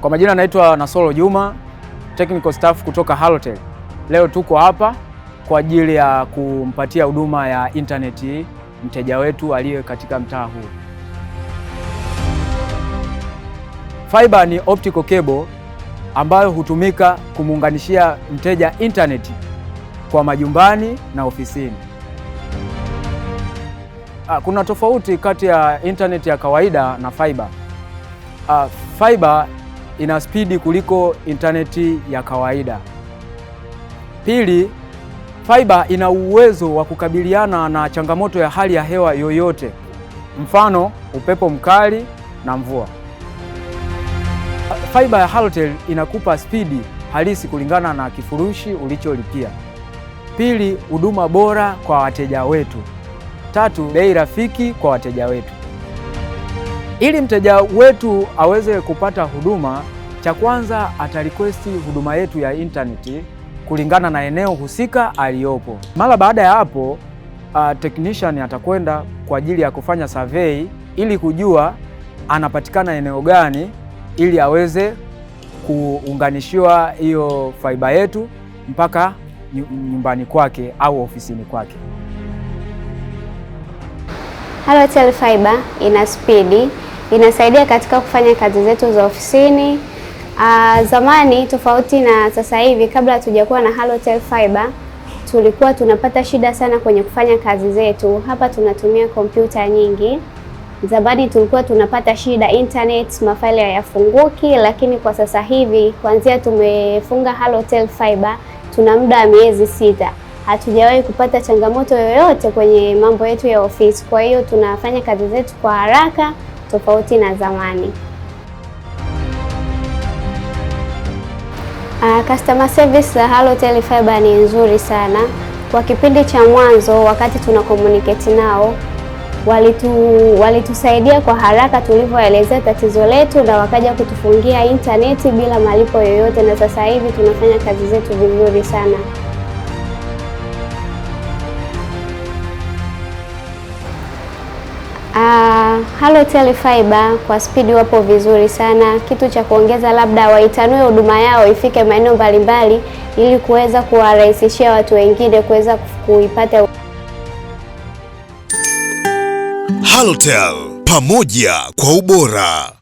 Kwa majina naitwa Nasolo Juma, technical staff kutoka Halotel. Leo tuko hapa kwa ajili ya kumpatia huduma ya intaneti mteja wetu aliye katika mtaa huu. Fiber ni optical cable ambayo hutumika kumuunganishia mteja intaneti kwa majumbani na ofisini. Ah, kuna tofauti kati ya intaneti ya kawaida na fiber. Ah, fiber ina spidi kuliko intaneti ya kawaida. Pili, fiber ina uwezo wa kukabiliana na changamoto ya hali ya hewa yoyote, mfano upepo mkali na mvua. Fiber ya Halotel inakupa spidi halisi kulingana na kifurushi ulicholipia. Pili, huduma bora kwa wateja wetu. Tatu, bei rafiki kwa wateja wetu. Ili mteja wetu aweze kupata huduma, cha kwanza atarikwesti huduma yetu ya intaneti kulingana na eneo husika aliyopo. Mara baada ya hapo, uh, technician atakwenda kwa ajili ya kufanya survey ili kujua anapatikana eneo gani ili aweze kuunganishiwa hiyo faiba yetu mpaka nyumbani kwake au ofisini kwake. Halotel Fiber ina spidi inasaidia katika kufanya kazi zetu za ofisini. Uh, zamani tofauti na sasa hivi, kabla hatujakuwa na Halotel Fiber tulikuwa tunapata shida sana kwenye kufanya kazi zetu. Hapa tunatumia kompyuta nyingi. Zamani tulikuwa tunapata shida internet, mafaili hayafunguki, lakini kwa sasa hivi kuanzia tumefunga Halotel Fiber tuna muda wa miezi sita, hatujawahi kupata changamoto yoyote kwenye mambo yetu ya ofisi. Kwa hiyo tunafanya kazi zetu kwa haraka tofauti na zamani. Uh, customer service za Halotel Fiber ni nzuri sana. Kwa kipindi cha mwanzo wakati tuna communicate nao walitu walitusaidia kwa haraka tulivyoelezea tatizo letu, na wakaja kutufungia intaneti bila malipo yoyote, na sasa hivi tunafanya kazi zetu vizuri sana. Halo Telefiber kwa spidi wapo vizuri sana. Kitu cha kuongeza labda waitanue huduma yao ifike maeneo mbalimbali, ili kuweza kuwarahisishia watu wengine kuweza kuipata. Halotel pamoja kwa ubora.